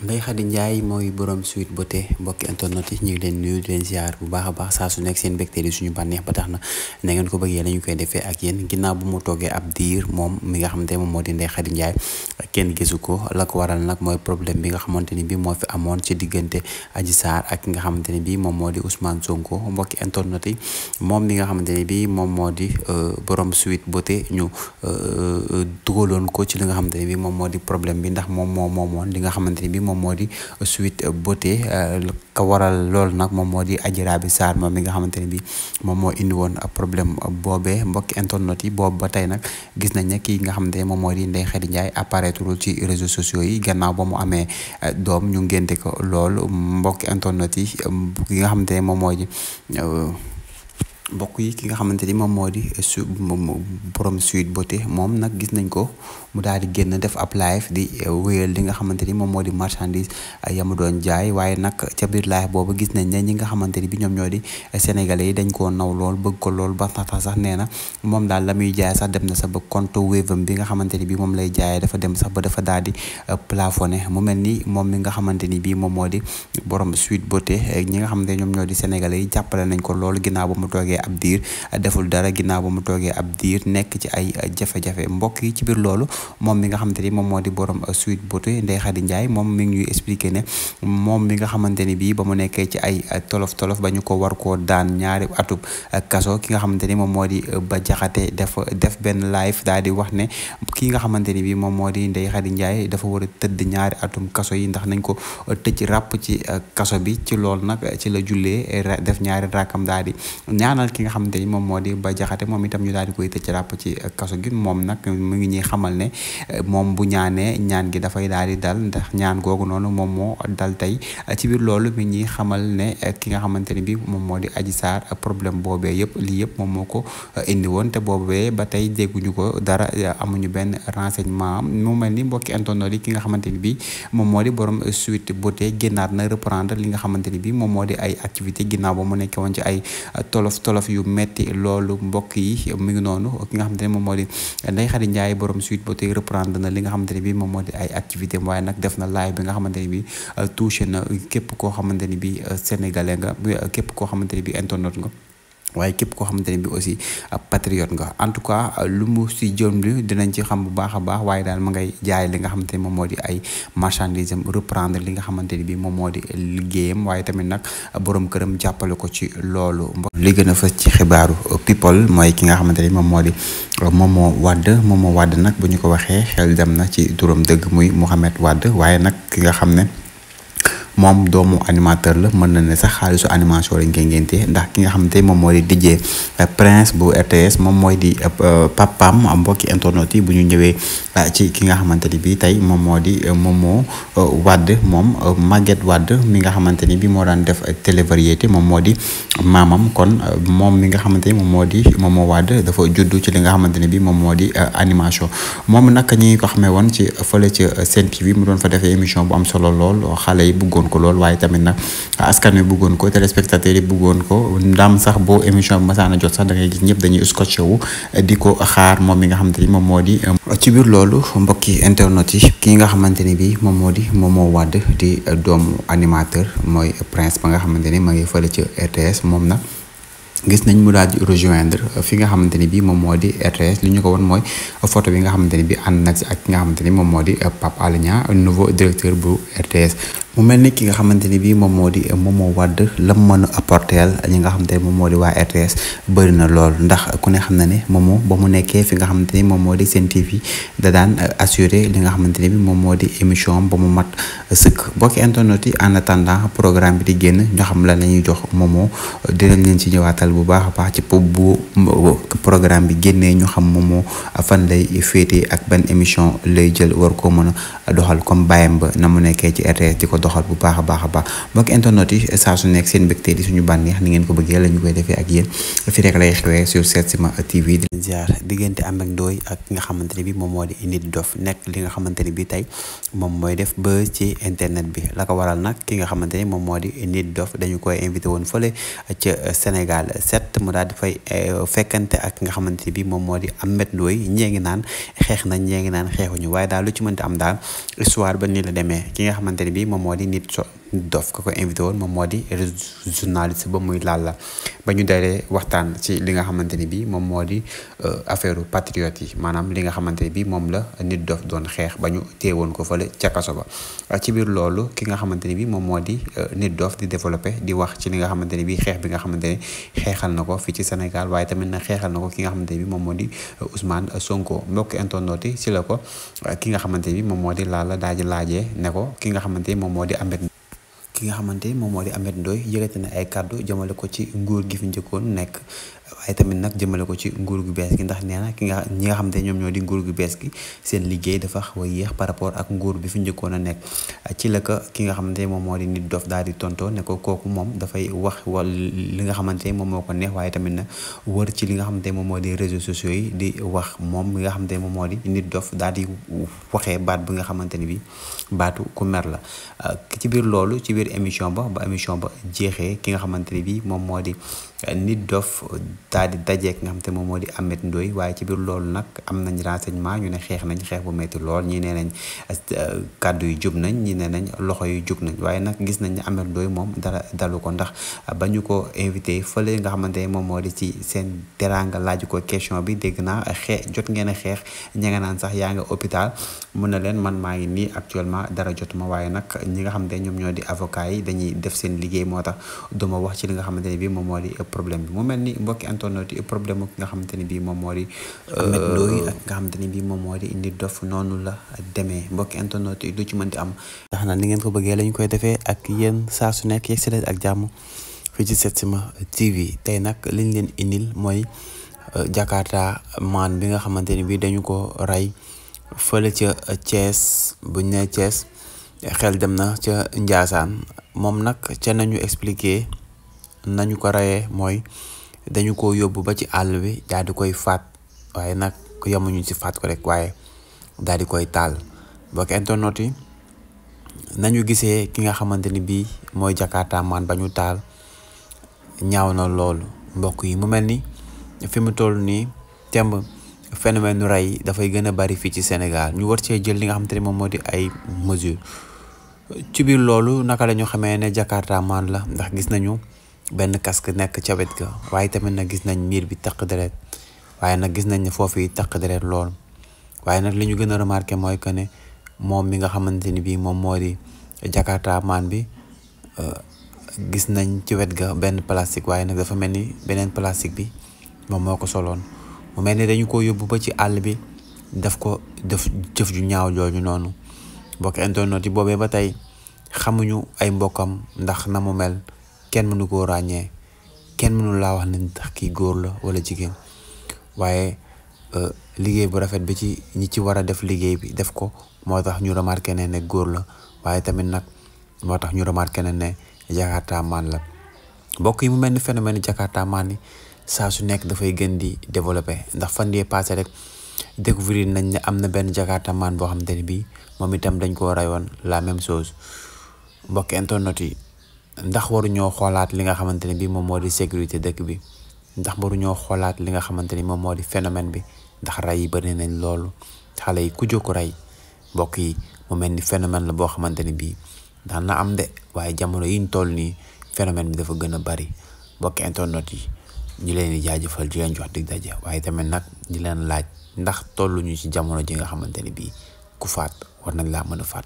Ndeye Khady Ndiaye mooy borom Sweet Beauté mbokki internet ñu ngi leen nuyu di leen baax a baax saa su nekk seen mbégte di suñu bànneex ba tax na na ngeen ko defee ak yéen ginnaaw bu mu toogee ab diir moom mi nga xamante moom moo di Ndeye Khady Ndiaye kenn gisu ko la ko waral nag mooy problème bi nga xamante ni bi moo fi amoon ci diggante Adji Sarr ak nga xamante ni bi moom moo di Ousmane Sonko mbokki internet yi moom mi nga xamante ni bi moom moo di euh, borom Sweet Beauté ñu euh, euh, dugaloon ko ci li nga xamante ni bi moom moo di bi ndax moom moo moomoon li nga xamante ni bi moom moo di suite beauté euh, ka waral loolu nag moom moo di Adji Raby Sarr mi nga xamante ne bi moom moo indi woon problème boobee mbokki internet yi boobu ba tey nag gis nañ ne kii nga xamante ne moom moo di Ndeye Khady Ndiaye apparaîtrul ci réseaux sociaux yi gannaaw ba mu amee euh, doom ñu ngénte ko lool mbokki internet yi ki nga xamante ne moom mooy mbokk yi ki nga xamante ni moom moo di su borom Sweet Beauté moom nag gis nañ ko mu daal di génn def ab live di eh, wéyal li nga xamante ni moom moo di marchandise eh, yamu doon jaay waaye nag ca biir live boobu gis nañ ñi nga xamante ni bi ñoom ñoo di eh, sénégalais yi dañ koo naw lool bëgg ko lool ba tax sax nee na moom daal la muy jaay sax dem na sax ba compte am bi nga xamante ni bi moom lay jaayee dafa dem sax ba dafa daal di plafonné mu mel ni moom mi nga xamante ni bii moom moo di borom Sweet Beauté ñi nga xamante ni ñoom ñoo di sénégalais yi jàppale nañ ko loolu ginnaaw ba mu toogee ab diir deful dara ginnaaw ba mu toogee ab diir nekk ci ay jafe-jafe mbokk yi ci biir loolu moom mi nga xamante ni moom moo di borom Sweet Beauté Ndeye Khady Ndiaye moom mi ngi ñuy expliqué moom mi nga xamante ni bii ba mu nekkee ci ay tolof tolof ba ñu ko war koo daan ñaari atub kaso ki nga xamante ni moom moo di ba jaxate def def benn live daal di wax ne ki nga xamante ni bii moom moo di Ndeye Khady Ndiaye dafa war tëdd ñaari atum kaso yi ndax nañ ko tëj ràpp ci kaso bi ci loolu nag ci la julle def ñaari rakkam daal di ñaanal nag ki nga xamante ni moom moo di ba jaxate moom itam ñu daal di koy tëj ràpp ci euh, kaso gi moom nag mu ngi ñuy xamal ne euh, moom bu ñaanee ñaan gi dafay daal di dal ndax ñaan googu noonu moom moo dal tey euh, ci biir loolu mi ñuy xamal ne ki nga xamante ni bi moom moo di Adji Sarr problème boobee yëpp lii yëpp moom moo ko indi woon te boobee ba tey dégguñu ko dara amuñu benn renseignement mu mel ni mbokki internet yi ki nga xamante ni bi moom moo di borom Sweet Beauté génnaat na reprendre li nga xamante ni bi moom moo di ay activité ginnaaw ba mu nekkee woon ci ay wolof yu metti loolu mbokk yi mu ngi noonu ki nga xamante ne moom moo di Ndeye Khady Ndiaye borom suite ba tey reprendre na li nga xamante ne bi moom moo di ay activité waaye nag def na live bi nga xamante ne bi euh, touché na képp koo xamante ne bi euh, sénégalais nga euh, képp koo xamante ne bi internet nga waaye képp koo xamante ne bi aussi ab patriote nga en tout cas lu mu si jëm li dinañ ci xam bu baax a baax waaye daal ma ngay jaay li nga xamante ne moom moo di ay marchandise am reprendre li nga xamante ne bi moom moo di liggéeyam waaye tamit nag borom këram jàppale ko ci loolu li gën a fës ci xibaaru people mooy ki nga xamante ne moom moo di Momo Wade Momo Wade nag bu ñu ko waxee xel dem na ci turam dëgg muy Mouhamed Wade waaye nag ki nga xam ne moom doomu animateur la mën na ne sax xaalisu animation la koy ngéntee ndax ki nga xamante moom moo di DJ euh, Prince bu RTS moom mooy di euh, euh, papam mbokki internet bu ñu ñëwee ci ki nga xamante ni bii tey moom moo di moom moo Wade moom Maguette Wade mi nga xamante ni bi moo daan def télévariété moom moo di maamam kon moom mi nga xamante ni moom moo di moom moo Wade dafa juddu ci li nga xamante ni bi moom moo di animation moom nag ñi ko xamee woon ci fële ci Sen bi mu doon fa defee émission bu am solo lool xale yi bëggoon ko loolu waaye tamit nag askan wi bëggoon ko téléspectateurs yi bëggoon ko ndaam sax boo émission bi masaana jot sax da ngay gis ñëpp dañuy scotché wu di ko xaar moom mi nga xamante ni moom moo di euh, ci biir loolu mbokki internet yi ki nga xamante ni bi moom moo di moom moo wàdd di euh, doomu animateur mooy prince ba nga xamante ni ma ngi fële ci RTS moom nag gis nañ mu daal di rejoindre fi nga xamante ni bii moom moo di RTS li ñu ko won mooy photo bi nga xamante ni bii ànd na ci ak ki nga xamante ni moom moo di Pape Alé Niang nouveau directeur bu mu mel ni ki nga xamante ni bii moom moo di moom moo wàdd la mu mën a apporter ñi nga xamante ni moom moo di waa RTS bëri na lool ndax ku ne xam na ne moom moo ba mu nekkee fi nga xamante ni moom moo di seen TV da daan assurer li nga xamante ni bii moom moo di émission ba mu mat sëkk bokk internet yi en attendant programme bi di génn ñoo xam la la ñuy jox moo dinañ leen ci xel bu baax a baax ci pop bu programme bi génnee ñu xam moom moo fan lay féetee ak ban émission lay jël war ko mën a doxal comme bàyyam ba na mu nekkee ci RTS di ko doxal a baax a baax mbokk internet yi saa su nekk seen mbégte di suñu bànneex ni ngeen ko bëggee la ñu koy defee ak yéen fi rek lay xewee sur Setsima TV di leen ne bi moo di Nit Doff li nga xamante ne bi tey moom mooy def ba bi la ko waral ki nga xamante ni moom moo di Nit Doff dañu koy invité woon fële sept mu daal di fay eh, fekkante ak nga xamante ni bii moom moo di am Ameth dooy ñee ngi naan xeex na ñee ngi naan xeexuñu waaye daal lu ci mënti am daal histoire ba nii la demee ki nga xamante ne bii moom moo di nit so dof ka ko invité woon moom moo di journaliste ba muy laal la ba ñu dalee waxtaan ci li nga xamante ni bi moom moo di euh, affaire patriote maanaam li nga xamante ni bi moom la nit dof doon xeex ba ñu téewoon ko fële ca kaso ba euh, ci biir loolu ki nga xamante ni bi moom moo di euh, nit dof di développé di wax ci li nga xamante ni bi xeex bi nga xamante ni xeexal na ko fii ci Sénégal waaye tamit na xeexal na ko ki nga xamante ni bi moom moo di Ousmane Sonko mbokk internaute yi ci la ko ki nga xamante ni bi moom moo di laal la daa ji laajee ne ko ki nga xamante ni moom moo di Ahmed ki nga xamante moom moo di Ameth Ndoye yëkkati na ay kàddu jamale ko ci nguur gi fi njëkkoon nekk waaye tamit nag jëmale ko ci nguur gu bees gi ndax nee na ki nga ñi xam te ñoom ñoo di nguur gu bees gi seen liggéey dafa xaw a yéex par rapport ak nguur bi fi njëkkoon a nekk ci la ko ki nga xamante moom moo di nit dof daal di tontoo ne ko kooku moom dafay wax wal li nga xamante moom moo ko neex waaye tamit nag wër ci li nga xamante moom moo di réseaux sociaux yi di wax moom li nga xamante moom moo di nit dof daal di waxee baat bi nga xamante ni bi baatu ku mer la ci biir loolu ci biir émission ba ba émission ba jeexee ki nga xamante ni bi moom moo di nit dof daal di dajeek nga xam te moom moo di Ameth Ndoye waaye ci biir loolu nag am nañ renseignement ñu ne xeex nañ xeex bu métti lool ñi ne nañ kàddu yu jub nañ ñi ne nañ loxo yu jub nañ waaye nag gis nañ ne Ameth Ndoye moom dara dalu ko ndax ba ñu ko invité fële nga xamante ne moom moo di ci seen teraanga laaj ko question bi dégg naa xee jot ngeen a xeex ña nga naan sax yaa nga hôpital mun na leen man maa ngi nii actuellement dara jotuma waaye nag ñi nga xam ne ñoom ñoo di avocat yi dañuy def seen liggéey moo tax duma wax ci li nga xamante ne bi moom moo di problème bi mu mel ni mbokki internet yi problème nga xamante ni bii moom moo di euh, xamante ni bii moom moo di indi dof noonu la demee mbokki yi du ci mën di am ndax na ni ngeen ko bëggee lañ koy defee ak yéen saa su nekk yegg ak jàmm fii ci Setsima TV tey nag liñ leen indil mooy euh, Jakarta maan bi nga xamante ni bii dañu ko rey fële ca Thiès buñ ne Thiès xel dem na ca Njaasaan moom nag ca nañu expliqué nañu ko reyee mooy dañu ko yóbbu ba ci àll bi daal koy faat waaye nag yemuñu ci faat ko rek waaye daal di koy taal bokk internet yi nañu gisee ki nga xamante ni bii mooy Jakarta man ba ñu taal ñaaw na loolu mbokk yi mu mel ni fi mu toll nii temb phénomène nu rey dafay gën a bari fii ci senegal ñu war cee jël li nga xamante ni moom moo di ay mesures ci biir loolu naka lañu xamee ne Jakarta la ndax gis nañu. benn casque nekk ca wet ga waaye tamit nag gis nañ miir bi taq deret waaye nag gis nañ ne foofu yi taq deret lool waaye nag li ñu gën a remarqué mooy que ne moom mi nga xamante ni bii moom moo di jakarta bi euh, gis nañ ci wet ga benn plastique waaye nag dafa mel ni beneen plastique bi moom moo ko soloon mu mel ni dañu ko yóbbu ba ci àll bi daf ko def jëf ju ñaaw jooju noonu mbokk internet yi boobee ba tey xamuñu ay mbokkam ndax na mu mel kenn mënu koo ràññee kenn mënu laa wax ne tax kii góor la wala jigéen waaye euh, liggéey bu rafet bi ci ñi ci war a def liggéey bi def ko moo tax ñu remarqué ne ne góor la waaye tamit nag moo tax ñu remarqué ne ne Jakarta maan la mbokk yi mu mel ni phénomène Jakarta maan yi saa su nekk dafay gën di développé ndax fan yee rek rek découvrir nañ ne am na benn Jakarta maan boo xamante ne bii moom itam dañ koo rayoon la même chose mbokk internet yi ndax waruñoo xoolaat li nga xamante ne bii moom moo di sécurité dëkk bi ndax waruñoo xoolaat li nga xamante ni moom moo di phénomène bi ndax rey yi bëri nañ loolu xale yi ku jóg rey mbokk yi mu mel ni phénomène la boo xamante ni bii daan na am de waaye jamono yiñ toll nii phénomène bi dafa gën a bari mbokki internet yi ñu leen di jaajëfal di leen jox dig daje waaye tamit nag di leen laaj ndax tolluñu ci jamono ji nga xamante ni bii ku faat war nañ laa mën a faat.